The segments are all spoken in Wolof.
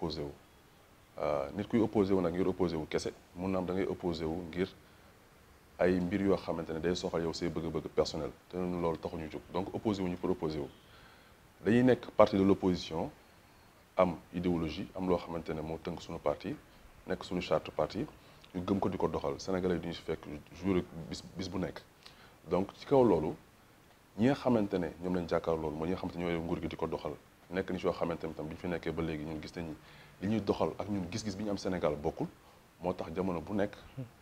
opposé wu euh, nit kuy opposé wu nag ngir opposé wu kese mun na am da ngay opposé wu ngir ay mbir yoo xamante ne day soxal yow say bëgg-bëgg personnel te ñun loolu taxuñu jóg donc opposé ñu pour opposé dañuy nekk parti de l'opposition am idéologie am loo xamante ne moo tënk suñu parti nekk suñu charte parti ñu gëm ko di ko doxal sénégalais yi ñu si fekk jour bis bis bu nekk donc ci kaw loolu ñi nga xamante ne ñoom lañ jàkkaar loolu mooy ñi nga xamante ne ñooy nguur gi di ko doxal nekk ni soo xamante ni tam bi ñu fi nekkee ba léegi ñun gis nañu li ñuy doxal ak ñun gis-gis bi ñu am Sénégal bokkul moo tax jamono bu nekk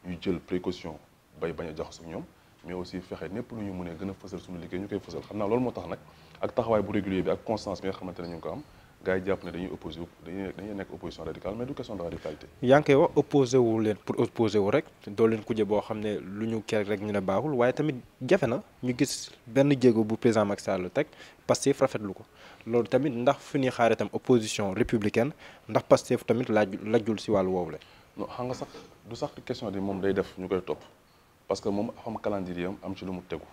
ñu jël précaution bay bañ a jaxasoo ak ñoom mais aussi fexe népp lu ñu mënee gën a fësal suñu liggéey ñu koy fësal xam naa loolu moo tax nag ak taxawaay bu régulier bi ak constance bi nga xamante ne ñu ko am gars yi jàpp ne dañuy opposé nekk opposition radicale mais du question de radicalité. yaa ngi koy wax opposé leen pour opposé rek doo leen kuje boo xam ne lu ñu kii rek ñu ne baaxul waaye tamit jafe na ñu gis benn jéego bu président Macky Sall teg rafet lu ko loolu tamit ndax fi ñuy xaaree tam opposition républicaine ndax Pastef tamit laaj lajjul si wàllu woowu la. non xam nga sax du sax question di moom day def ñu koy topp parce que moom xam calendrier am am ci lu mu tegu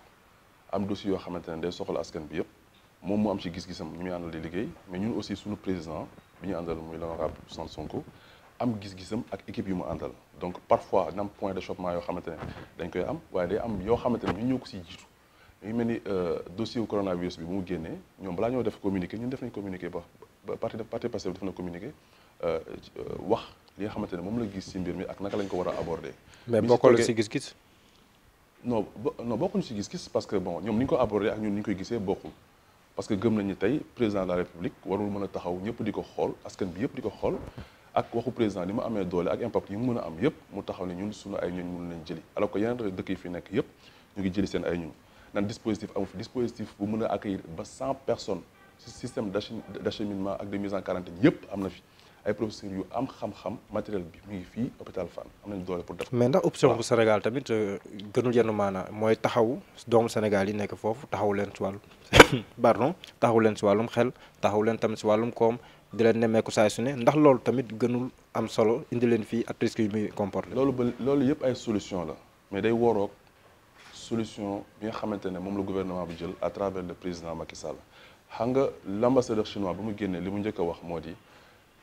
am dossier yoo xamante ne day soxla askan bi yëpp. moom mu am ci gis-gisam ñu muy àndal di liggéey mais ñun aussi suñu président bi ñu àndal muy l'honorable Ousmane gis-gisam ak équipe yu mu àndal donc parfois na am point yoo xamante ne dañ koy am waaye day am yoo ne ñun ñoo ko siy jiitu yu euh, mu génnee ñoom balaa ñoo def communiqué ñun def nañ communiqué ba parti parti Pastef euh, euh, wax li nga xamante ne moom la gis ci mbir mi ak naka lañ ko war a aborder. mais bokkul gis-gis. non non gis-gis parce que bon ñoom ni ñu ko aborder ak ñun ni ñu koy gisee bokkul. parce que gëm nañu tey président la république warul mën a taxaw ñëpp di ko xool askan bi yëpp di ko xool ak waxu président ni mu amee doole ak impact yi mu mën a am yëpp mu taxaw ne ñun suñu ay ñooñ mënu leen jëli alors que yeneen dëkk yi fi nekk yëpp ñu ngi jëli seen ay ñooñ nan dispositif amu fi dispositif bu mën a accueillir ba 100 personnes ci système d'acheminement ak de mise en quarantaine yëpp am na fi ay professeurs yu am xam-xam matériel bi mu ngi fii hôpital Fann am nañu doole pour def mais ndax option bu Sénégal tamit euh, gënul yenn maana mooy taxaw doomu Sénégal yi nekk foofu taxaw leen si wàllum pardon taxaw leen si wàllum xel taxaw leen tamit si wàllum koom di leen nemmeeku saa su ne ndax loolu tamit gënul am solo indi leen fii ak risque yu muy comporté loolu ba loolu yëpp ay solution la mais day woroog solution bi nga xamante ne moom la gouvernement bi jël à travers le président Macky Sall xam nga l'ambassadeur chinois bi mu génnee li mu njëkk a wax moo di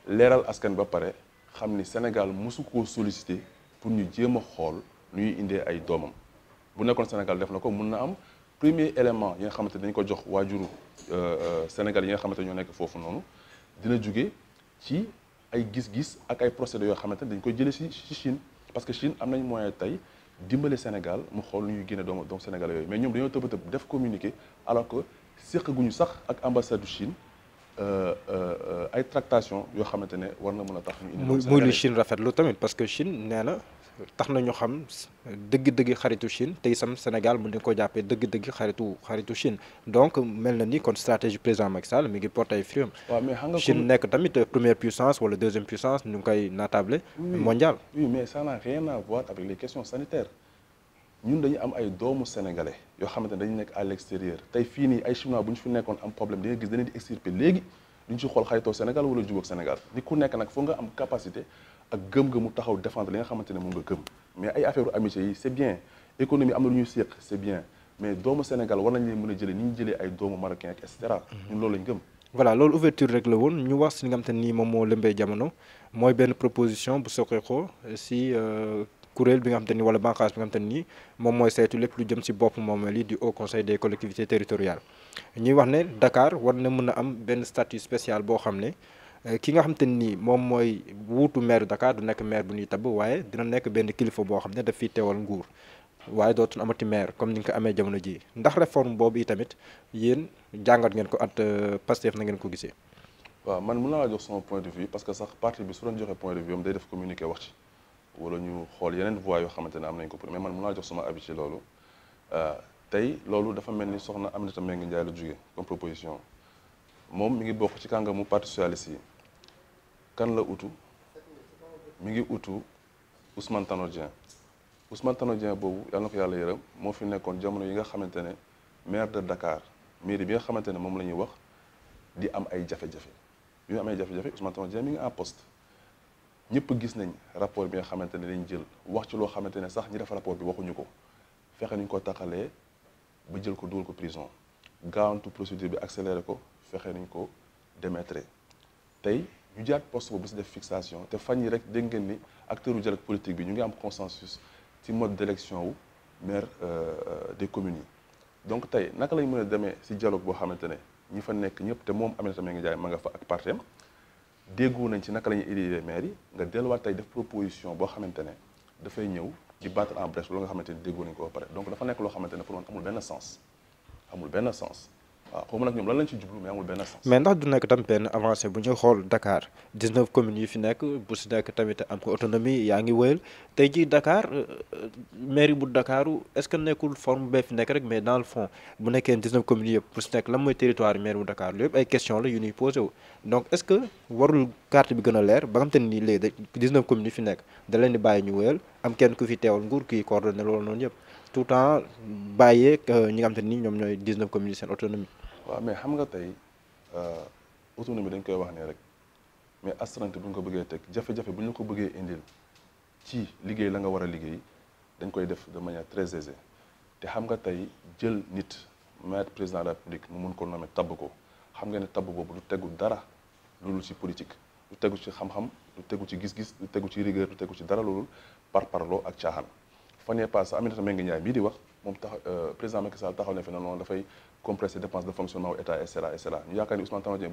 leeral askan ba pare xam ni Sénégal mosu koo sollicité pour ñu jéem a xool ñuy indee ay doomam bu nekkoon Sénégal def na ko mun na am premier élément yi nga xamante dañ ko jox waajuru euh, euh, Sénégal yi nga xamante ñoo nekk foofu noonu dina jóge ci ay gis-gis ak ay procédés yoo xamante dañ koy jëlee si Chine parce que Chine am nañ moyen tey dimbale Sénégal mu xool nu ñuy génne doomu Sénégal yooyu mais ñoom dañoo tëb tëb def communiqué alors que séq sax ak ambassade Chine Euh, euh, ay tractation yoo xamante ne war na mën a tax ñu indi muy lu Chine rafetlu tamit parce que Chine nee na tax na ñu xam dëgg-dëgg xaritu Chine te sam Sénégal mu ne ko jàppee dëgg-dëgg xaritu xaritu Chine donc mel na ni kon stratégie président Macky Sall mi ngi porte ay nga Chine nekk tamit première puissance wala deuxième puissance ñu ngi koy naatable mondial oui mais ça n'a rien avec les questions sanitaires ñun dañu am ay doomu sénégalais yoo xamante dañu nekk à l'extérieur tey fii nii ay chinois bu ñu fi nekkoon am problème di nga gis dañuy di extirper léegi duñ ci xool xaritoo Sénégal wala jubóog Sénégal ni ku nekk nag foog nga am capacité ak gëm-gëmu taxaw défendre li nga xamante ne moom nga gëm mais ay affaire amitié yi c'est bien économie am na lu ñuy séq c'est bien mais doomu Sénégal war nañ leen mën a jëlee ni ñu jëlee ay doomu marocain ak et cetera mhm. ñun loolu voilà loolu ouverture rek la woon ñu wax si li nga nii moom moo lëmbee jamono mooy benn proposition bu soqeekoo si euh, kuréel bi nga xam te ni wala bànqaas bi nga ni moom mooy saytu lépp lu jëm si bopp moomeel lii du haut conseil des collectivités territoriales ñuy wax ne Dakar war na mën a am benn statut spécial boo xam ne euh, ki nga xam te nii moom mooy wuutu maire Dakar du nekk maire bu ñuy tabb waaye dina nekk benn kilifa boo xam ne daf fiy teewal nguur waaye dootul amati maire comme ni nga ko amee jamono ji ndax réforme boobu i tamit yéen jàngat ngeen ko at euh, Pastef na ngeen ko gisee. waaw man mën naa la jox sama point de vue parce wax ci. wala ñu xool yeneen voies yoo xamante ne am nañ ko pour mais man mun naa jox sama avis ci loolu euh, tey loolu dafa mel ni soxna am Aminata Mbengue Ndiaye la jóge comme proposition moom mi ngi bokk ci kàngamu parti socialiste yi kan la utu mi ngi utu Ousmane Tanor Dieng Ousmane Tanor Dieng boobu yàlla na ko yàlla yërëm moo fi nekkoon jamono yi nga xamante ne maire de Dakar mairie bi nga xamante ne moom la ñuy wax di am ay jafe-jafe bi mu amee jafe-jafe Ousmane Tanor Dieng mi ngi en ñëpp gis nañ rapport bi nga xamante ne lañ jël wax ci loo xamante ne sax ñi def rapport bi waxuñu ko fexe nuñ ko taxalee ba jël ko dugal ko prison gaawantu procédure bi accéléré ko fexe nuñ ko démettre tey ñu jaat poste boobu si def fixation te fan yi rek dégg ngeen ni acteur u dialogue politique bi ñu ngi am consensus ci mode d'élection wu maire euh, euh, des communes yi donc tey naka lañ mën a demee si dialogue boo xamante ne ñi fa nekk ñëpp te moom Aminata Mbengue Ndiaye ma nga fa ak partem déggoo nañ ci naka la ñuy élire maire nga delluwaat tey def proposition boo xamante ne dafay ñëw di battre en brèche loolu nga xamante ne déggoo nañ ko ba pare donc dafa nekk loo xamante ne pour man amul benn sens amul benn sens waaw xaw ma ñoom lan lañ ci jublu mais amul benn sens. mais ndax du nekk tam benn avancée bu ñu xool Dakar 19 communes yi fi nekk bu si nekk tamit am ko autonomie yaa ngi wéyal tey jii dakaar euh, euh, mairie bu Dakaru est-ce que nekkul forme bee fi nekk rek mais dans le fond bu nekkee 19 communes yëpp pour si nekk lan mooy territoire mairie bu Dakar yëpp ay question la yu ñuy posé wu donc est-ce que warul carte bi gën a leer ba nga xam te ne nii léegi 19 communes yi fi nekk da leen di bàyyi ñu wéyal am kenn ku fi teewal nguur kii coordonné loolu noonu yëpp tout le temps bàyyee euh, ñi nga nii ñoom ñooy 19 communes yi seen autonomie. waaw mais xam nga tey autonomie dañ koy wax nii rek mais astreinte bu ko bëggee teg jafe bu ñu ko bëggee indil. ci liggéey la nga war a liggéey dañ koy def de manière très te xam nga tey jël nit maire président de la république mu mun ko nommer tabb ko xam nga ne tabb boobu du tegu dara loolu ci politique du tegu ci xam-xam du tegu ci gis-gis du tegu ci rigueur du tegu ci dara loolu par parloo ak caaxaan fan yee passé Aminata Mbengue Ndiaye bii di wax moom tax euh, président Macky Sall taxaw na fi ne noonu dafay compresser dépenses de fonctionnement wu état et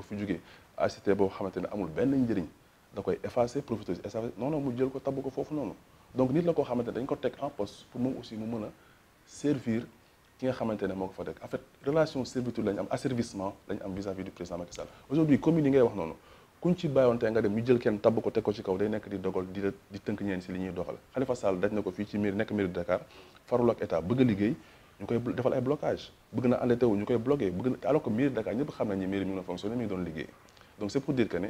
ni amul benn njëriñ da koy effacer profité effacer non mu jël ko tabb ko foofu noonu donc nit la koo xamante dañ ko teg en poste pour moom aussi mu mën a servir ki nga xamante ne moo ko fa teg en relation servitude lañ am asservissement lañ am vis-à-vis du président Macky Sall aujourd'hui commune yi ko teg ko ci kaw day nekk di dogal di di tënk ñeen si li ñuy doxal Khalifa Sall daj na ko fii ci mairie nekk mairie de Dakar farul ak bëgg a liggéey ñu koy defal ay blocage bëgg na endetté wu ñu koy bloqué bëgg na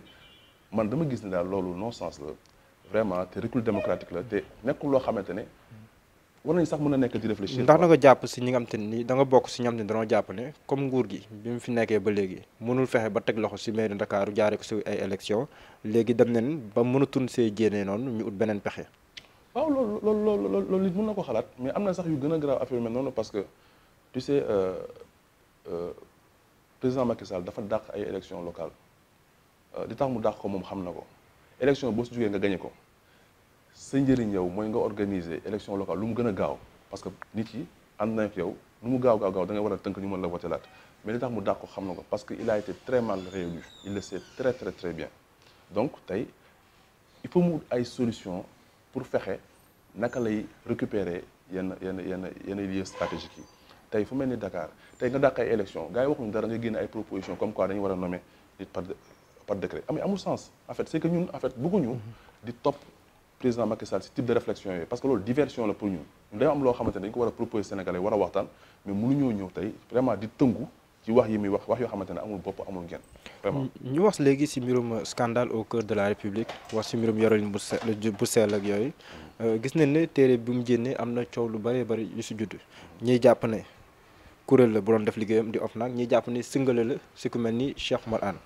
man dama gis ne daal loolu non sens la vraiment te recul démocratique la te nekkul loo xamante ne war nañ sax mun a nekk di réfléchir. ndax da nga jàpp si ñi nga xam te ni da bokk si ñi nga xam te ni dañoo jàpp ne comme nguur gi bi mu fi nekkee ba léegi mënul fexe ba teg loxo si mairie Ndakaaru jaare ko si ay élection léegi dem nañ ba mënatun see jéenee noonu ñu ut beneen pexe. waaw loolu lool loolu loolu nit mën na ko xalaat mais am na sax yu gën a grave affaire yu mel noonu parce que tu sais euh, euh, président Macky dafa dàq ay élections locales. Euh, li tax mu dàq ko moom xam na ko élection boo si jógee nga gañe ko sa njëriñ yow mooy nga organiser élection locale lu mu gën a gaaw parce que nit yi am na fi yow lu mu gaaw gaaw gaaw da nga war a tënk ñu mën la voté laat mais li tax mu dàq ko xam na ko parce que il a été très mal réélu il le sait très très bien donc tey il faut mu ay solution pour fexe naka lay récupérer yenn yenn yenn yenn lieux stratégiques yi tey fu mel ni Dakar tey nga dàq ay élection gars yi comme quoi dañu war a nommer nit par décret am ah, amul sens en fait que ñun en fait bëgguñu di topp président Macky Sall si type de réflexion yooyu parce que loolu diversion la pour ñun ñun dañoo am loo xamante ne dañu ko war a proposer Sénégalais war a waxtaan mais mënuñoo ñëw tey vraiment di tëngu ci wax yi muy wax wax yoo xamante ne amul bopp amul genn vraiment ñu wax léegi si mbirum scandale au cœur de la république wax si mbirum yorolin bu seel ak yooyu euh, gis nañ ne téere bi mu génnee am na coow lu bëree bëri yu si judd ñiy jàpp ne kuréel la bu doon def liggéeyam di OFNAC ñiy jàpp ne singale la si ku mel ni Cheikh Oumar Anne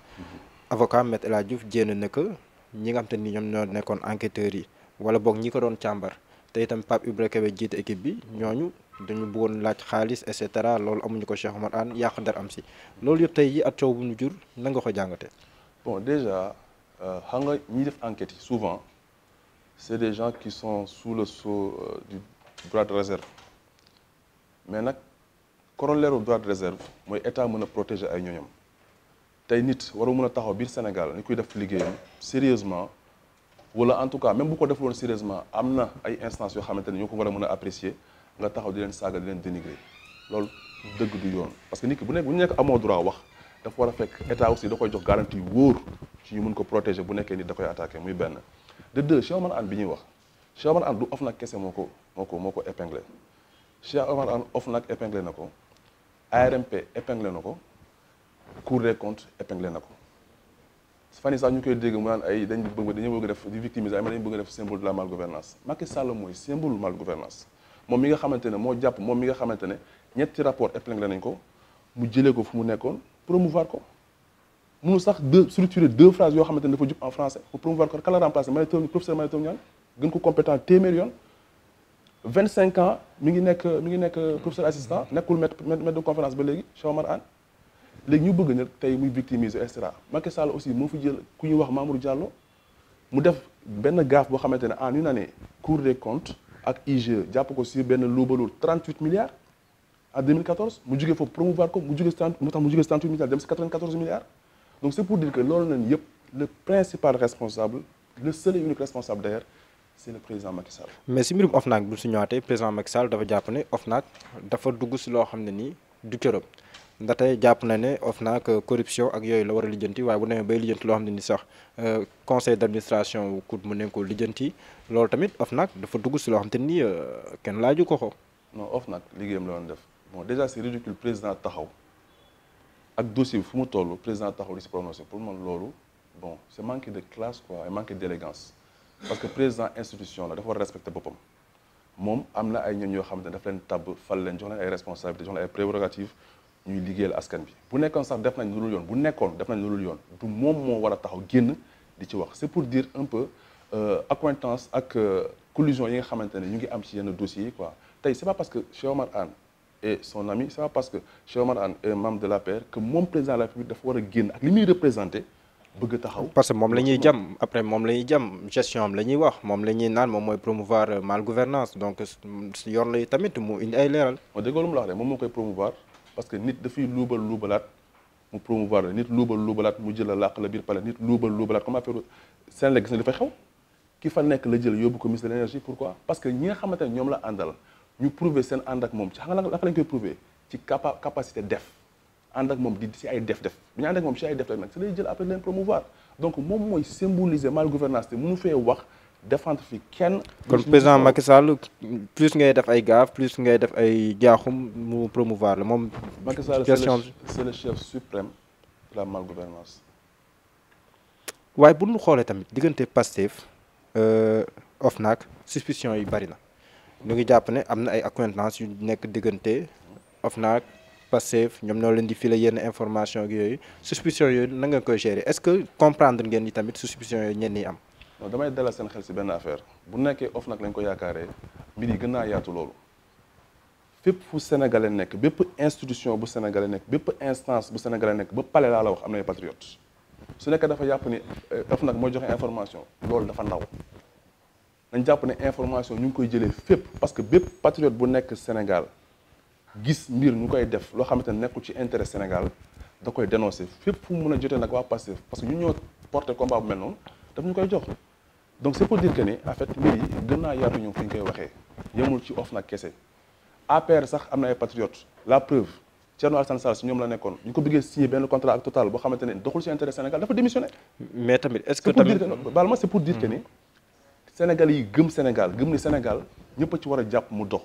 avocat Maître El Hadji Diouf jéem ñi nga xam te ni ñoom ñoo nekkoon enquêteurs yi wala boog ñi ko doon càmbar te itam Pape Ibra Kébé jiite équipe bi ñooñu dañu bëggoon laaj xaalis et cetera loolu amuñu ko Cheikh Oumar Anne yàq ndar am si loolu yëpp tey jii ak coow bu ñu jur na nga ko jàngate bon déjà euh, xam nga ñi def enquête yi souvent c'est des gens qui son sous le sceau euh, du droit réserve mais nag corollaire au droit de réserve mooy état mën a protéger ay ñooñam tey nit waru mën a taxaw biir Sénégal ni kuy def liggéeyam sérieusement wala en tout cas même bu ko def defuloon sérieusement am na ay instances yoo xamante ne ñoo ko war a mën a apprécier nga taxaw di leen saaga di leen dénigrer loolu dëgg du yoon parce que nit ki bu nekk bu nekk amoo droit wax dafa war a fekk état aussi da koy jox garantie wóor ci ñu mun ko protéger bu nekkee nit da koy attaqué muy benn de deux Cheikh Oumar Anne bi ñuy wax Cheikh Oumar Anne du OFNAC kese moo ko moo ko moo ko épinglé Cheikh Oumar Anne OFNAC épinglé na ko ARMP épinglé na ko cour des comptes épinglé na ko fan yii sax ñu koy dégg mu naan ay dañ bëgg dañu bëgg def di victimiser ay ma dañu bëgg def symbole de la malgouvernance Macky Sall mooy symbole malgouvernance moom mi nga xamante ne moo jàpp moom mi nga xamante ne ñetti rapport épinglé nañ ko mu jëlee ko fu mu nekkoon promouvoir ko mënu sax deux structurer deux phrases yoo xamante ne dafa jub en français pour promouvoir ko kala remplacer ma gën ko compétent téeméer nekk mi ngi nekk professeur assistant nekkul maître maître de ba léegi Cheikh Omar léegi ñu bëgg nag tey muy victimiser et cetera Macky Sall aussi moo fi jël ku ñu wax Mamour Diallo mu def benn gaaf boo xamante ne en une année Cour des comptes ak IGE jàpp ko si benn luubalul 38 milliards en 2014 mu jugee foofu promouvoir ko mu jugee cent moo mu jugee 38 milliards dem si 94 milliards donc c' est pour dire que loolu nañ yëpp le principal responsable le seul unique responsable d' ailleurs le président Macky mais si mbirum OFNAC bu ñu si ñëwaatee président Macky Sall dafa jàpp ne OFNAC dafa dugg si loo xam ne nii du këram. nda tey jàpp na ne OFNAC corruption ak yooyu la war a lijjanti waaye bu demee bay lijjanti loo xam ne ni sax euh, conseil d'administration wu COUD mu ne ko lijjanti loolu tamit OFNAC dafa dugg si loo xam te ni euh, kenn laaju ko ko. non OFNAC liggéeyam la doon def bon déjà si ridicule président taxaw ak dossier fu mu toll président taxaw di si prononcé pour man loolu bon c'est manque de classe quoi et manque d'élégance parce que président institution la dafa war a respecter boppam. moom am na ay ñoom yoo xamante ne daf leen tabb fal leen jox ay responsabilités jox leen ñuy liggéey askan bi bu nekkoon sax def nañ lu dul yoon bu nekkoon def nañ lu dul du moom moo war a taxaw génn di ci wax c'est pour dire un peu euh, accointance ak euh, collusion yi nga xamante ne ñu ngi am ci yenn dossiers yi quoi tey c'est parce que Cheikh Oumar Anne et son ami c'est parce que Cheikh Oumar Anne est membre de l'APR que moom président la République dafa war a génn ak li muy représenté bëgg taxaw parce que moom la ñuy jam après moom la ñuy jam gestion am la ñuy wax moom la ñuy naan moom mooy promouvoir euh, mal gouvernance donc yoon la tamit moo déggoo lu mu moom moo koy promouvoir. parce que nit dafay luubal luubalaat mu promouvoir la nit luubal luubalaat mu jël la làq la biir palais nit luubal luubalaat comme affaire seen la gis ne xew ki fa nekk la jël yóbbu ko ministre de l'énergie pourquoi parce que ñi nga xamante ne ñoom la àndal ñu prouver seen ànd ak moom ci xam nga naka lañ koy prouver ci capacité def ànd ak moom di si ay def-def bu ñu ànd ak moom si ay def-def nag si lay jël après leen promouvoir donc moom mooy symboliser mal gouvernance te mënu fee wax défendre fi kenn. kon président Macky Sall plus ngay def ay gaaf plus ngay def ay jaaxum mu promouvoir la moom. Macky Sall c'est le chef suprême la malgouvernance waaye bu ñu xoolee tamit diggante Pastef euh, OFNAC suspicion yi bari na ñu ngi jàpp ne am na ay accointances yu nekk diggante OFNAC Pastef ñoom ñoo leen di filé yenn information yooyu suspicion yooyu na nga koy gérer est-ce que comprendre ngeen ni tamit suspicion yooyu ñeen ñi am. non damay dalal seen xel si benn affaire bu nekkee nag lañ ko yaakaaree mbir yi gën naa yaatu loolu fépp fu sénégalais nekk bépp institution bu sénégalais nekk bépp instance bu sénégalais nekk ba pale laa la wax am na ay patriotes su nekkee dafa yàpp ni eh, nag mooy joxe information loolu dafa ndaw dañ jàpp ne information ñu ngi koy jëlee fépp parce que bépp patriote bu nekk Sénégal gis mbir ñu koy def loo xamante ne nekkul ci intérêt Sénégal da koy dénoncer fépp fu mu mën a jotee nag waa Pastef parce que ñu ñoo porté combat bu mel noonu koy jox donc c' est pour dire que ne en fait mbir yi gën naa yaatu ñoom fi ñu koy waxee yemul ci of nag kese APR sax am na ay patriotes la preuve Thierno Alassane Sall si ñoom la nekkoon ñu ko bëggee signé benn contrat ak Total boo xamante ne doxul si intérêt Sénégal dafa démissionné. mais tamit est ce que tamit baal ma pour dire que Sénégal yi gëm Sénégal gëm ni Sénégal ñëpp ci war a jàpp mu dox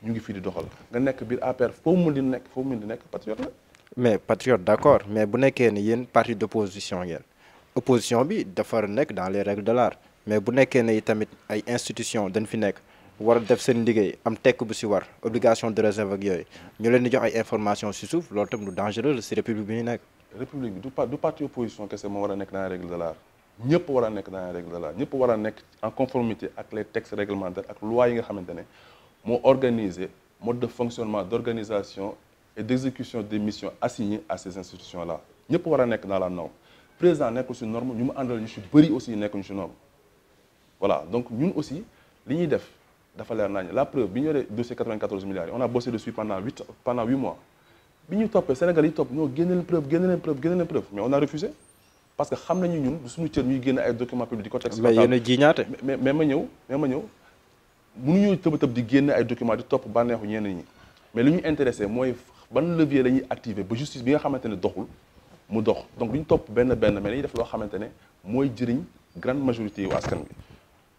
ñu ngi fii di doxal nga nekk biir APR foo mun di nekk foo di nekk patriote la. mais patriote d' accord mais bu nekkee ni yéen parti d' opposition ngeen opposition bi dafa nekk dans les règles de mais bu nekkee ne tamit ay institution dañ fi nekk war a def seen liggéey am tekk bu si war obligation de réserve ak yooyu ñu leen di jox ay information si suuf loolu tam lu dangereux si république bi ñu nekk. république bi du pa opposition kese moo war a nekk dans les règles de l'art war a nekk dans les règles de ñëpp war a nekk en conformité ak les textes réglementaires ak lois yi nga xamante ne moo organiser mode de fonctionnement d'organisation et d'exécution des missions assignées à ces institutions là ñëpp war a nekk dans la norme président nekkul si norme àndal ñu si aussi nekk si norme. voilà donc ñun aussi li ñuy def dafa leer nañ la preuve bi ñu yoree dossier 94 milliards yi on a bossé dessus pendant huit pendant huit mois bi ñu toppee Sénégal yi topp ñoo génne leen preuve génne leen preuve génne leen mais on a refusé parce que xam nañu ñun suñu cër ñuy génne ay documents publics di ko teg mais yéen a jiñaate mais mais ma ñëw mais ma di génne ay documents di topp bànneexu ñenn ñi mais li ñu intéressé mooy ban levier la ñuy activer ba justice bi nga xamante ne doxul mu dox donc lu topp benn benn mais dañuy def loo xamante ne mooy jëriñ grande majorité yu askan bi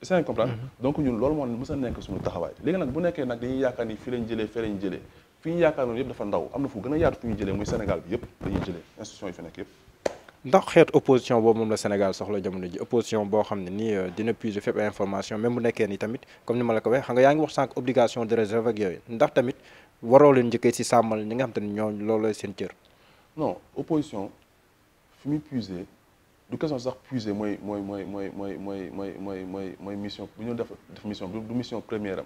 c'est comprendre mhm. donc ñun loolu moo mës a nekk suñu taxawaay léegi nag bu nekkee nag dañuy yaakaar ni fi lañ jëlee fi lañ jëlee fi ñu yaakaar noonu yëpp dafa ndaw am na fu gën a yaatu fi ñu jëlee muy Sénégal bi yëpp dañuy jëlee institution moom la Sénégal soxla jamono ji opposition boo xam ne nii euh, dina puiser fépp information même bu nekkee ni tamit comme ni ma la ko waxee xam nga yaa ngi wax sànq obligation de réserve ak yooyu ndax tamit waroo leen njëkkee si sàmmal ñi nga xam te ne ñoo loolu seen cër du question sax puiser mooy mooy mooy mooy mooy mooy mooy mooy mooy mooy mission bu ñu def def mission du mission première am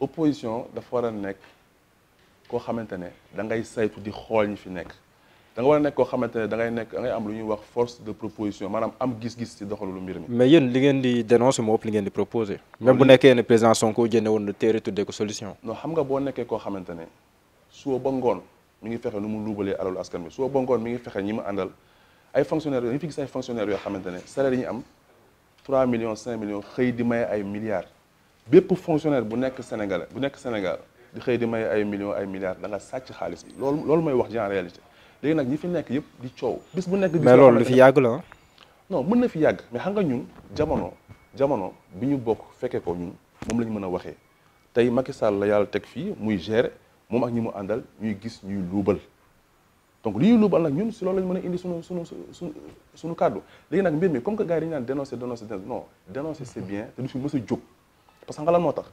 opposition dafa war a nekk koo xamante ne da ngay saytu di xool ñi fi nekk da nga war a nekk koo xamante ne da ngay nekk da ngay am lu ñuy wax force de proposition maanaam am gis-gis ci doxalulu mbir mi. mais yéen li ngeen di dénoncer moo ëpp li ngeen di proposer. même bu nekkee ne président Sonko jënde woon na téere tuddee ko solution. non xam nga boo nekkee koo xamante ne suba ba ngoon mi ngi fexe nu mu luubalee alalu askan bi suba ba ngoon mi ngi fexe ñi ma àndal. ay fonctionnaires yooyu dañu fi gis ay fonctionnaires yoo xamante ne salaire yi ñu am 3 millions 5 millions xëy di may ay milliards bépp fonctionnaire bu nekk Sénégal bu nekk Sénégal di xëy di may ay millions ay milliards da nga sàcc xaalis bi loolu loolu mooy wax ji en réalité léegi nag ñi fi nekk yëpp di coow. bis bu nekk di mais loolu lu fi yàgg la ah? mën na fi yàgg mais xam nga ñun jamono jamono bi ñu bokk fekkee ko ñun moom la ñu mën a waxee tey Macky Sall la yàlla teg fii muy gérer moom ak ñi mu àndal ñuy gis ñuy luubal. donc li ñuy ba nag ñun si loolu lañ mën a indi suñu suñu suñu suñu kàddu léegi nag mbir mi comme que gars yi dañu naan dénoncer dénoncer non dénoncer c'est bien te du fi mës a jóg parce que nga lan moo tax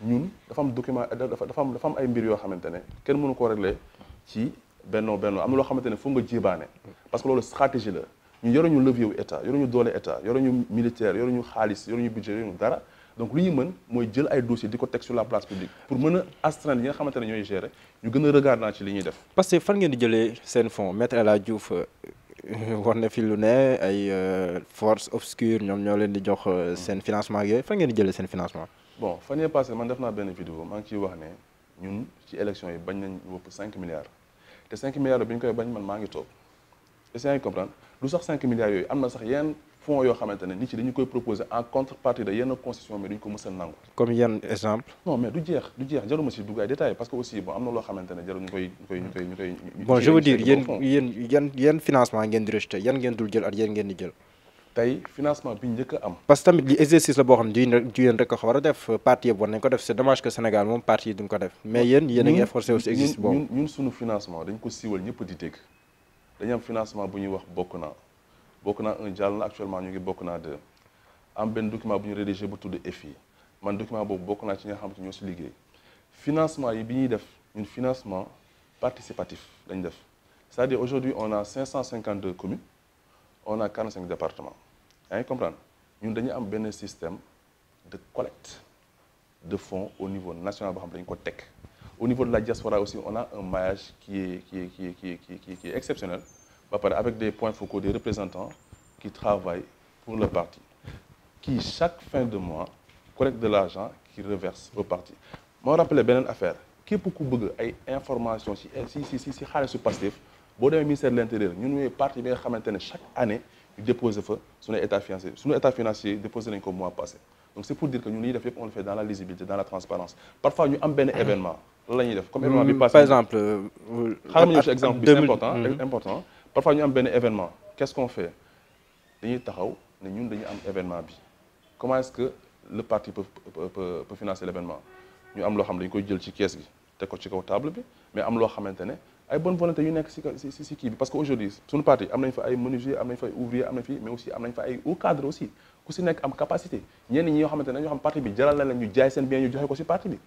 ñun dafa am document dafa am dafa am ay mbir yoo xamante ne kenn mënu koo le ci benno benno am na loo xamante ne foog nga jébaane parce que loolu stratégie la ñu yoruñu levier wu état yoruñu doole état yoruñu militaire yoruñu xaalis yoruñu budget yoruñu dara donc lu ñu mën mooy jël ay dossiers di ko teg la place publique pour mën a astreindre ñi nga ne ñooy gérer ñu gën a regardant ci li ñuy def. parce que fan ngeen di jëlee seen fonds maître El Hadj Diouf euh, war na fi lu ne ay euh, force obscure ñoom ñoo leen di jox euh, seen financement yooyu fan ngeen di jëlee seen financement. bon fan yee passé man def naa benn vidéo maa ngi ciy wax ne ñun ci élection yi bañ nañ wëpp 5 milliards te cinq milliards bi ñu koy bañ man maa ngi toog est-ce que lu sax 5 yooyu am na sax yenn. fonds yoo xamante nit ci dañu koy proposer en contrepartie de ko mës nangu. comme yan exemple. non mais du jeex jaruma si dugg ay détails parce que aussi bon am na loo xamante ne ngeen di rejeté tey financement bi njëkk am. parce que tamit li exercice la boo xam ne di yéen rek ko war a def parti yëpp war nañ ko def c' ko def. mais yéen yéen ngi forcé aussi exercice boobu ñun ñun suñu dañ ko siiwal ñëpp di dégg dañu am financement bokk naa un jàll na actuellement ñu ngi bokk naa de am benn document bu ñu rédigé bu tudd FI man document boobu bokk naa ci ñi nga xamante ñoo si liggéey financement yi bi ñuy def ñun financement participatif lañ def c'est-à-dire aujourd'hui on a 552 communes on a 45 départements yaa ngi comprendre ñun dañuy am benn système de collecte de fonds au niveau national boo xam dañu ko teg au niveau de la diaspora aussi on a un maillage qui est qui est qui est qui est ba pare avec des points focaux des représentants qui travaillent pour le parti qui chaque fin de mois collecte de l'argent qui reverse au parti moo rappelé beneen affaire képp ku bëgg ay information eh, si si si si xaalisu Pastef boo demee ministère de l'intérieur ñun ñooy parti bi nga chaque année ñu déposé fa suñu état financier suñu état financier déposé nañu donc c'est pour dire que ñun li ñuy def yëpp on le fait dans la lisibilité dans la transparence hmm, par parfois ñu am benn événement qu'est-ce qu'on fait dañuy taxaw ne ñun dañu am événement bi comment est-ce que le parti peut peut peut financer ñu am loo xam dañu koy jël ci kees gi teg ko ci kaw table bi mais am loo xamante ne ay bonne volonté yu nekk si kii bi parce que aujourd'hui suñu parti am nañ fa ay menuisier am nañ fa ay ouvrier am nañ fi mais aussi am nañ fa ay haut cadre aussi ku si nekk am capacité ñenn ñi yoo xamante ne ñoo xam parti bi jaral na leen ñu jaay seen bien ñu joxe ko si parti bi.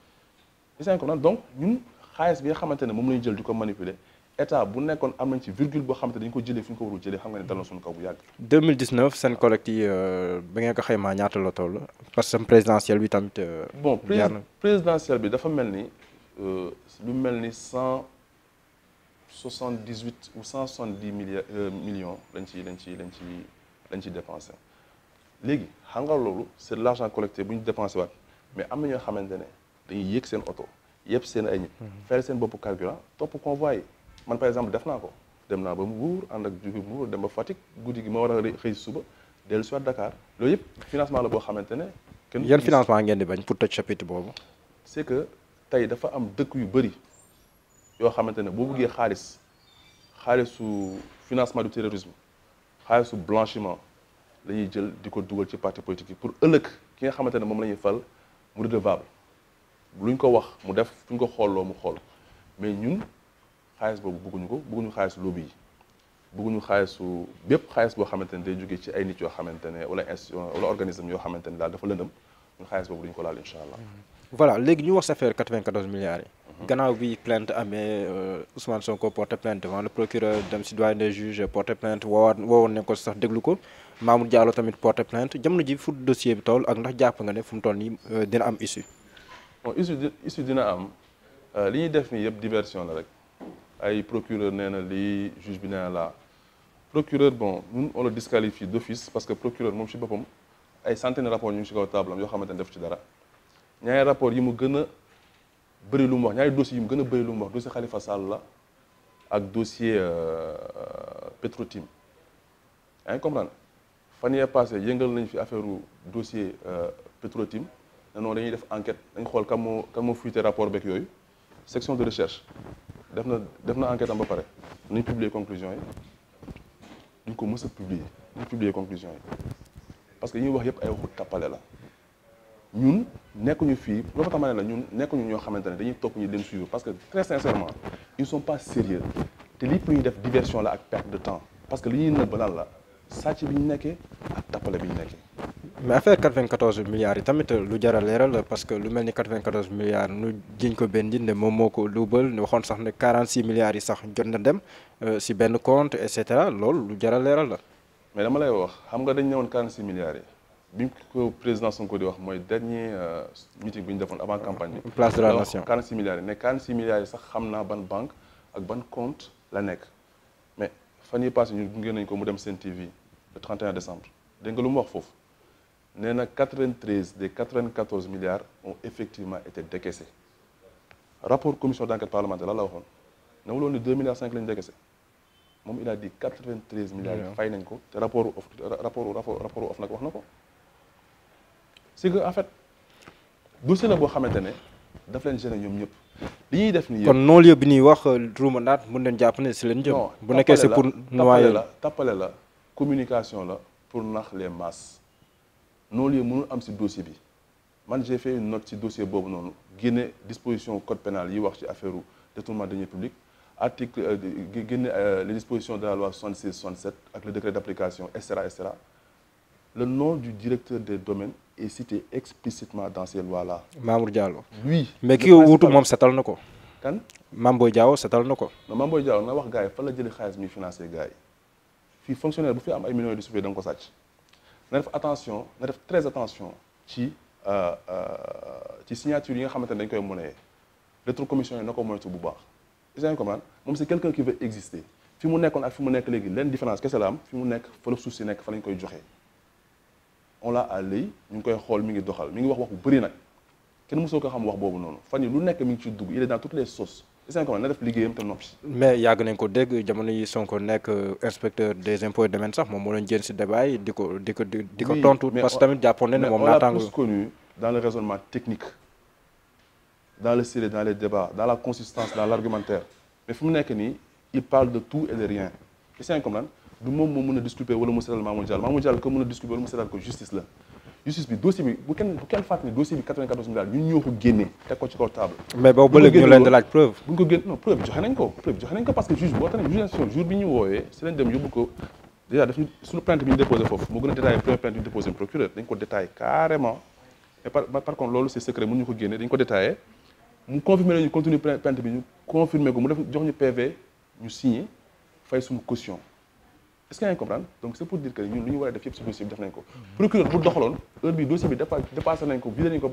gis nga donc ñun xaalis bi nga xamante ne moom la jël di ko manipuler. état bu nekkoon am nañ ci virgule boo xam nga ne dal na suñu kaw bu yàgg. 2019 seen collecte yi euh, ba ngeen ko xaymaa ñaata la parce que présidentielle bi tamit. Euh, bon présidentielle bi dafa mel ni euh, lu mel ni cent soixante dix huit ou cent soixante dix milliard millions lañ ci lañ ci lañ ci lañ ci dépensé léegi xam nga loolu c'est de l'argent collecté bu ñu dépensé waat mais am na ñoo xamante ne dañuy yéeg seen oto yëpp seen ay ñi. Mhm. fayal seen bopp carburant topp convoi yi. man par exemple def naa ko dem naa ba Mbour ànd ak mu Mbour dem ba Fatick guddi gi ma war a xëy suba dellu si waat Dakar loolu yëpp financement la boo xamante ne. kenn yan financement ngeen di bañ pour toj chapitre boobu. c'est que tey dafa am dëkk yu bëri yoo xamante ne boo bëggee xaalis xaalisu financement du terrorisme xaalisu blanchiment la ñuy jël di ko dugal ci parti politique yi pour ëllëg ki nga xamante ne moom la ñuy fal mu redevable luñ ko wax mu def fuñ ko xooloo mu xool xaalis boobu bëgguñu ko bëgguñu xaalisu lobby yi bëgguñu xaalisu bépp xaalis boo xamante ne day jóge ci ay nit yoo xamante ne wala institution wala organisme yoo xamante ne daal dafa lëndëm ñun xaalis boobu duñu ko laal incha allah voilà léegi ñu wax sa affaire 94 milliards yi gannaaw bi plainte amee euh, Ousmane Sonko porté plainte devant le procureur dem si doyen des juges porté plainte woowaat woowoon nañ ko sax déglu ko Mamour Diallo tamit porté plainte jamono ji fu dossier bi toll ak ndax jàpp nga ne fu mu toll nii euh, dina am issue bon issue issue dina am euh, li ñuy def nii yëpp diversion la rek ay procureur nee na lii bi nee na laa procureur bon ñun on le disqualifie d'office parce que procureur moom ci boppam ay centaine de rapports ñu ngi si kaw table am yoo xamante ne def ci dara ñaari rapport yi mu gën a bëri lu mu wax ñaari dossiers yi mu gën a bëri lu mu wax dossier Khalifa Sall la ak dossier euh, euh, Petrotim yaa ngi comprendre fan yee passé yëngal nañu fi affaire dossier euh, Petrotim ne noonu dañuy def enquête dañ xool kan moo kan moo fuité rapport beeg yooyu section de recherche def na def na enquête am ba pare nañ publier conclusion yi duñ ko mës a publier nañ publier conclusion yi parce que yi ñuy wax yëpp ay waxu tappale la ñun nekkuñu fii loolu tax ma ne la ñun nekkuñu ñoo xamante ne dañuy topp ñu leen suivre parce que très sincèrement ils sont pas sérieux te lii pour def diversion la ak perte de temps parce que li ñu ñuy nëbb lan la sàcc bi ñu nekkee ak tappale bi ñu nekkee mais affaire 94 milliards yi tamit lu jar a leeral parce que lu mel ni 94 milliards nu jiñ ko benn nit ne moom moo ko luubal ñu waxoon sax ne 46 milliards yi sax jot na dem euh, si benn compte et cetera loolu lu jar leeral la. mais dama lay wax xam nga dañ ne woon 46 milliards yi bi ko président Sonko di wax mooy dernier euh, meeting bu ñu defoon avant campagne bi. place de la nation 46 milliards yi ne 46 milliards sax xam naa ban banque ak ban compte la nekk mais fan yii passé ñu gunge nañ ko mu dem seen TV le 31 décembre nga lu mu wax foofu. nee na 93 des 94 milliards ont effectivement été décaissés rapport commission d' enquête parlementaire la la waxoon na wuloon ni 2 milliards 5 la ñu moom il a dit 93 milliards yi fay nañ ko te rapport u rapport rapport u OFNAC wax na ko c' est que en fait dossier la boo xamante ne daf leen gêné ñoom ñëpp li ñuy def nii kon non-lieu bi ñuy wax euh, ruumandaat mën nañ jàpp ne si lañ jëm bu nekkee c'est pour noyer la tappale la communication la pour nax les masses non-lieu mënul am si dossier bi man j'ai fait une note ci dossier boobu noonu génne disposition code pénal yi wax ci affaire détournement deniers publics article euh, génne euh, les dispositions de la loi 66 67 ak le décret d'application et cetera et cetera le nom du directeur des domaines est cité explicitement dans ces lois-là. Mamour Diallo. oui mais kii wuutu moom setal na ko. kan Mame Boye Diao setal na ko. non Mame Boye Diao na wax gaa yi fan la jëlee xaalis mi financé gars yi bu fi am ay millions de da nga ko na def attention na def très attention ci euh, euh, ci signature yi nga xamante ne dañ koy monnayer rétro commission yi na ko moytu bu baax isen commande moom c'est quelqu'un qui veut exister fi mu nekkoon ak fi mu nekk léegi leen différence kese la am fi mu nekk fa la suuf nekk fa lañ koy joxee on l'a à l'œil ñu ngi koy xool mi ngi doxal mi ngi wax wax bu bëri nag kenn mosoo ko xam wax boobu noonu fan yi lu nekk mu ngi ci dugg il est dans toutes les sauces Sonko na def liggéeyam te yàgg nañ ko dégg jamono yi Sonko nekk euh, inspecteur des impôts et domaines sax moom moo doon jël si débat yi di ko di ko di ko tontu. parce que tamit jàppoon moom naataango. mais on l'a plus le raisonnement technique dans le sérieux dans les débats dans la consistance dans l'argumentaire mais fu mu nekk nii il parle de tout et de rien du moom moo mën disculper wala mu seetal Mamour Diallo Mamour Diallo ko mën a disculper wala mu seetal ko justice la. justice bi dossier bi bu kenn bu kenn fàttali dossier bi 94 milliards ñun ñoo ko génnee teg ko ci kaw table. mais boobu ba léegi ñu leen di laaj preuve. bu ñu ko génne non preuve bi joxe nañ ko preuve boo tax ne juge d'instruction bi ñu woowee si lañ dem yóbbu ko déjà daf ñu bi ñu déposé foofu moo gën a première plainte bi ñu déposé procureur dañ ko détaillé carrément mais par par contre loolu c'est secret mu ñu continuer plainte bi ñu confirmé ko mu def est-ce que yaa donc c'est pour dire que lu ñu war a def yëpp si dossier bi def nañ ko procureur bu doxaloon heure dossier bi dépassé nañ ko vidé nañ ko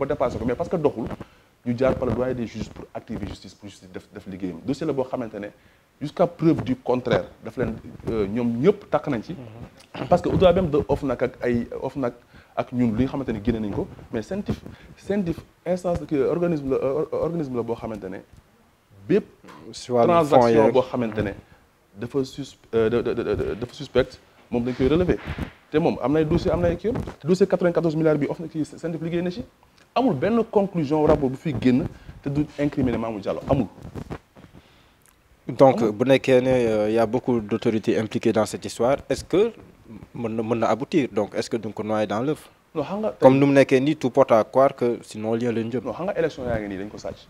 mais parce que doxul ñu jaar par le doyen des juges pour activer justice pour justice def def liggéeyam dossier la boo xamante ne jusqu'à preuve du contraire daf leen euh, ñoom ñëpp takk nañ ci parce que au-delà même de ak ñun li nga génne nañ ko mais CENTIF CENTIF instance organisme la euh, dafa sus euh, dafa suspect moom dañ koy relever te moom am nay dossier am nay kii dossier 94 milliards bi of na kii seen def liggéey na ci amul benn conclusion rapport bu fiy génn te du incriminé Mamour Diallo amul. donc bu nekkee ne euh, y' a beaucoup d' impliquées dans cette histoire est ce que mën na mën na aboutir donc est ce que duñ ko noyer dans l'œuf comme nu mu nekkee nii tout porte à croire que sinon lien lañ jëm. non xam nga yaa ngi nii dañ ko sàcc.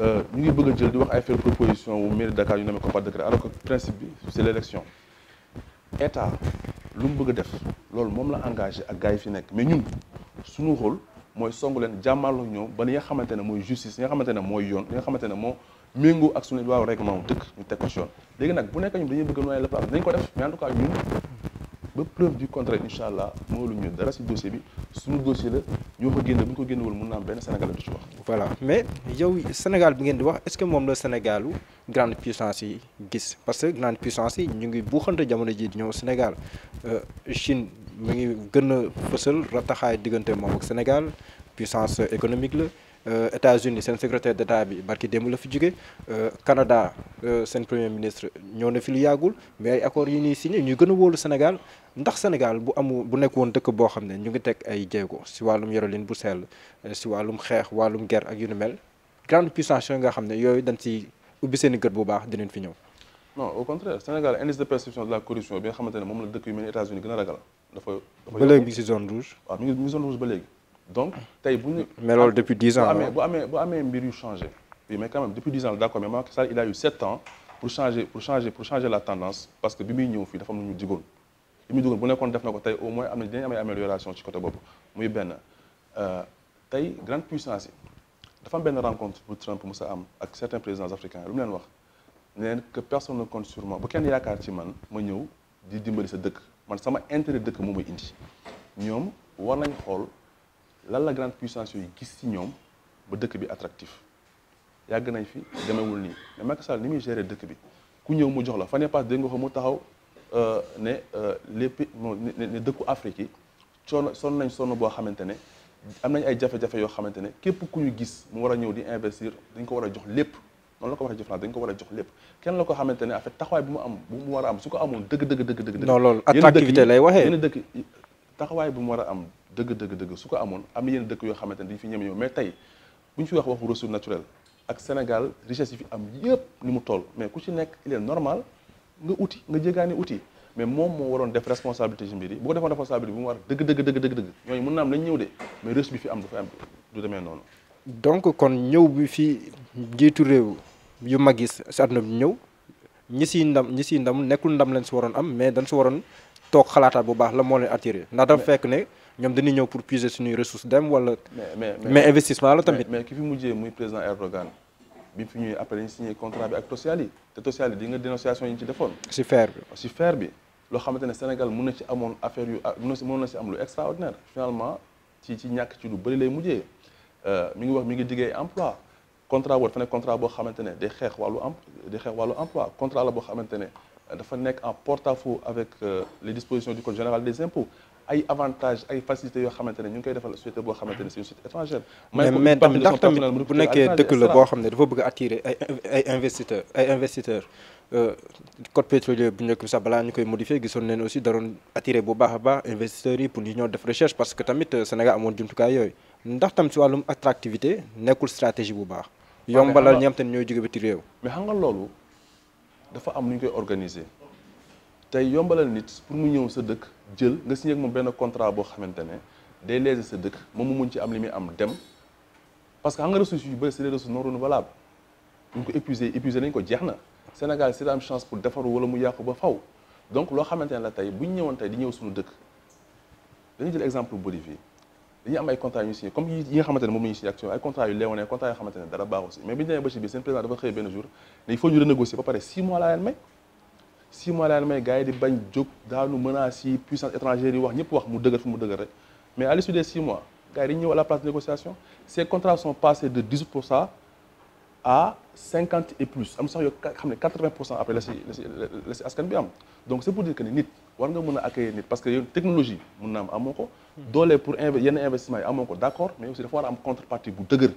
Euh, ñu ngi bëgg a jël di wax ay faire proposition wu mairie Dakar yu nommé ko par décret alors que principe bi c'est l'élection état lu mu bëgg a def loolu moom la engagé ak gars yi fi nekk mais ñun suñu rôle mooy songu leen jàmmaarloo ñoom ba li nga xamante ne mooy justice li nga xamante ne mooy yoon li nga xamante ne moo méngoo ak suñu waaw règlement wu dëkk ñu teg ko si yoon léegi nag bu nekk ñun dañuy bëgg nooy la place dañ ko def mais en tout ñun ba preuve du contraire incha allah moo lu ñu dara si dossier bi suñu dossier la ñoo ko génne bu ñu ko génnewul mun naa am benn Sénégalais du ci wax. voilà mais yow Sénégal bi ngeen di wax est-ce que moom la Sénégalu grande puissance yi gis parce que grande puissance yi ñu ngi buuxante jamono jii di ñëw Sénégal euh, Chine mu ngi gën a fësal rataxaay diggante moom ak Sénégal puissance économique la. Euh, États-Unis seen secrétaire d'État bi barki démb la fi jóge euh, Canada euh, seen premier ministre ñëw na fi lu yàggul mais ay accords yi ñuy signé ñuy gën a wóolu Sénégal ndax Sénégal bu amu bu nekk woon dëkk boo xam ne ñu ngi teg ay jéego si wàllum yorolin bu sell si wàllum xeex wàllum guerre ak yu nu mel grande puissance nga xam ne yooyu dañ si ubbi seen i gët bu baax dinañ fi ñëw. non au contraire Sénégal indice de perception de la corruption bi nga xamante moom la dëkk yu mel ni États-Unis gën ba léegi. donc tey bu ñu. mais loolu depuis dix ans bu amee bu amee mbir yu changé. oui mais quand même depuis ans d'accord mais Macky Sall il a eu sept ans pour changer pour changer pour changer la tendance parce que bi muy ñëw fii dafa am lu ñu digoon. muy digoon bu nekkoon def na ko tey au moins am na dinañ am ay amélioration ci côté boobu muy benn euh, tey grande puissance dafa am benn rencontre bu Trump sa am ak certains présidents africains lu mu leen wax ne leen que personne ne compte sur bu kenn yaakaar ci man ma ñëw di dimbali sa dëkk man sama intérêt dëkk moo may indi ñoom war nañ xool. lan la grande puissance yooyu gis ci ñoom ba dëkk bi attractif yàgg nañ fi demewul nii mais Macky Sall ni muy gérer dëkk bi ku ñëw mu jox la fan passe dégg nga ko mu taxaw euh, ne euh, lépp ne dëkku Afrique yi coono sonn nañ son boo xamante ne am nañ ay jafe-jafe yoo xamante ne képp ku ñu gis mu war a ñëw di investir dañ ko war a jox lépp noonu la ko war a jëf dañ ko war a jox lépp kenn la ko xamante ne en fait taxawaay bu mu am bu mu war a am su ko amoon dëgg dëgg dëgg dëgg non loolu attractivité lay waxee yéen dëkk taxawaay bu mu war a am dëgg dëgg dëgg su ko amoon am na yenn dëkk yoo xamante ne dañu fi ñeme ñëw mais tey bu ñu fi wax waxu ressource naturelle ak Sénégal richesse yi fi am yëpp ni mu toll mais ku ci nekk il normal nga uti nga jégaani uti mais moom moo waroon def responsabilité ci mbir yi bu ko defoon responsabilité bu mu war dëgg dëgg dëgg dëgg dëgg ñooñu am nañ ñëw de mais risque bi am dafa am du demee noonu. donc kon ñëw bi fi jiitu réew yu mag yi si àdduna bi ñëw ñi siy ndam ñi siy ndam nekkul ndam lañ si waroon am mais dañ si waroon toog xalaataat bu baax la moo leen attiré. ndax dafa fekk ne. ñoom dañuy ñëw pour puiser suñuy ressources dem wala. mais mais investissement la tamit. mais ki fi mujjee muy président Erdogan bi fi ñuy après bi ak Tosyal yi nga dénonciation yi ñu ci defoon. si fer bi si fer bi. loo xamante ne Sénégal mën na ci amoon affaire yu mën na si am lu extraordinaire finalement ci ci ñàkk ci lu bëri lay mujjee euh, mu ngi wax mi ngi diggee emploi contrat boobu dafa nekk contrat boo xamante ne day xeex wàllu em day xeex wàllu emploi la boo xamante ne dafa nekk en porte-à-faux avec euh, les dispositions du code général des impôts ay avantages ay facilités yoo xamante ne ñu ngi koy defal société boo xamante ne c'est une société étrangère. mais mais ndax tamit bu nekkee dëkk la boo xam ne dafa bëgg a attirer ay ay investisseurs ay investisseurs. Euh, code pétrolier bu njëkk bi sax balaa ñu koy modifier gisoon neen aussi daroon attiré bu baax a baax investisseurs yi pour ñu ñëw def recherche parce que tamit euh, Sénégal amoon jumtukaay yooyu ndax tam si wàllum attractivité nekkul stratégie bu baax. yombalal ñi am te ñooy jóge biti réew. mais xam nga loolu dafa am nu ñu koy organiser. tey yombalal nit pour mu ñëw sa dëkk jël nga signé ak moom benn contrat boo xamante ne day léegi sa dëkk moom mu ci am li muy am dem parce que xam na Sénégal si am chance pour defaru wala mu yàqu ba la tey bu ñu ñëwoon di ñëw suñu dëkk dañuy jël exemple Bolivie dañuy am ay contrats yu ñu signé comme yi nga xamante moom ñu signé action ay contrats yu leewoon ay contrats yoo dara baaxu si mais bi ñu demee ba ci biir seen président dafa xëy benn jour ne il faut ñu renégocier ba pare six mois daal may gars di bañ jóg daanu menaces yi puissance étrangère yi wax ñëpp wax mu dëgër fu mu dëgër rek mais à l'issue des six mois gars yi ñëw à la place de négociation ces contrats sont passés de pour cent à 50 et plus am sax yoo xam ne pour cent après la si askan bi am donc c'est pour dire que nit war nga mën a accueillir nit parce que yow technologie mun na am amoo ko hmm. doole pour yenn investissement yi amoo ko d'accord mais aussi dafa a am contrepartie bu dëgër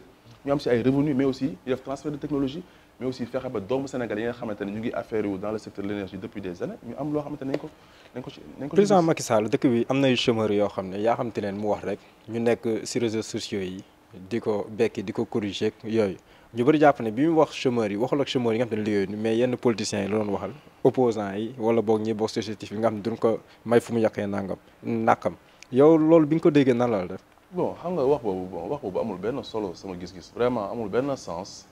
ñu am si ay revenu mais aussi def transfert de technologie mais aussi fexe ba doomu Sénégal yi nga xamante ne ñu ngi affaire yu dans le secteur de l'énergie depuis des années ñu am loo xamante ne nañ ko nañ ko nañ dëkk bi am nay chômeurs yoo xam ne yaa xam te leen mu wax rek ñu nekk si réseaux sociaux yi di ko bekki di ko corriger yooyu ñu bëri jàpp ne bi mu wax chômeurs yi waxul ak chômeurs yi nga xam ne liggéeyuñu mais yenn politiciens yi la doon waxal opposants yi wala boog ñi nga xam ne ko may fu mu yàqee nangam nàkkam yow loolu bi nga ko déggee nan la def bon xam nga wax boobu bon wax boobu amul benn solo sama gis-gis vraiment amul benn sens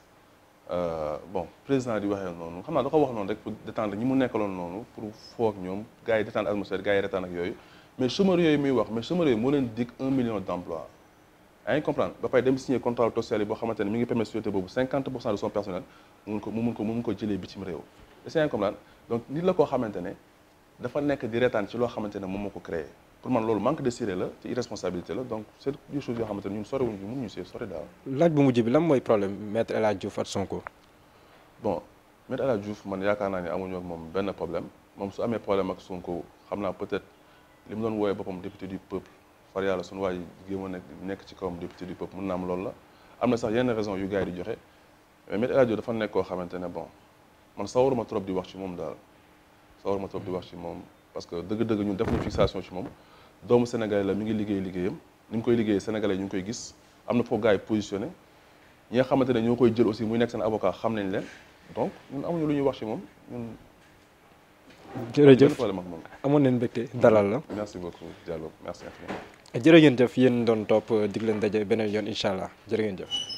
euh, bon président di waxee noonu xam naa da ko wax noonu rek détendre ñi mu nekkaloon noonu pour foog ñoom gars yi détendre atmosphère gars yi retaan ak yooyu mais chômeurs yooyu muy wax mais chômeurs yooyu moo leen dig un million d' emploi yaa ngi ba pare dem signé contrat social boo xamante ne mi ngi permettre société boobu personnel mu mun ko mu mun ko ko jëlee bitim réew est la koo xamante ne dafa nekk di loo xamante ne moom moo ko créé pour man loolu manque de sérieux la ci irresponsabilité la donc c'est des choses yoo xamante ne ñun sore wuñ ñu mënuñu see sore daal. laaj bu mujj bi lan mooy problème maître El Hadj Diouf ak Sonko. bon maître El Hadj Diouf man yaakaar naa ni amuñu ak moom benn problème moom su amee problème ak Sonko xam naa peut-être li mu doon wooyee boppam député du peuple far yàlla sunu waa ji géemoon nekk nekk ci kawam député du peuple mun naa am loolu la am na sax yenn raison yu gars di joxe mais maître dafa nekk koo xamante ne bon man sawaruma trop di wax ci moom daal sawaruma trop di wax ci moom parce que dëgg-dëgg ñun ci moom doomu sénégalais la mi ngi liggéey liggéeyam ni mu koy liggéey sénégalais ñu ngi koy gis am na foo gars yi positionné nga xamante ne ñoo koy jël aussi muy nekk seen avocat xam nañ leen donc ñun amuñu lu ñuy wax ci moom ñun. jërëjëf amoon nañ mbégte dalal la. merci beaucoup Diallo merci infiniment. jërë ngeen jëf yeen doon topp dig leen daje beneen yoon incha allah jërë ngeen jëf.